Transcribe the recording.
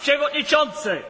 Przewodniczący!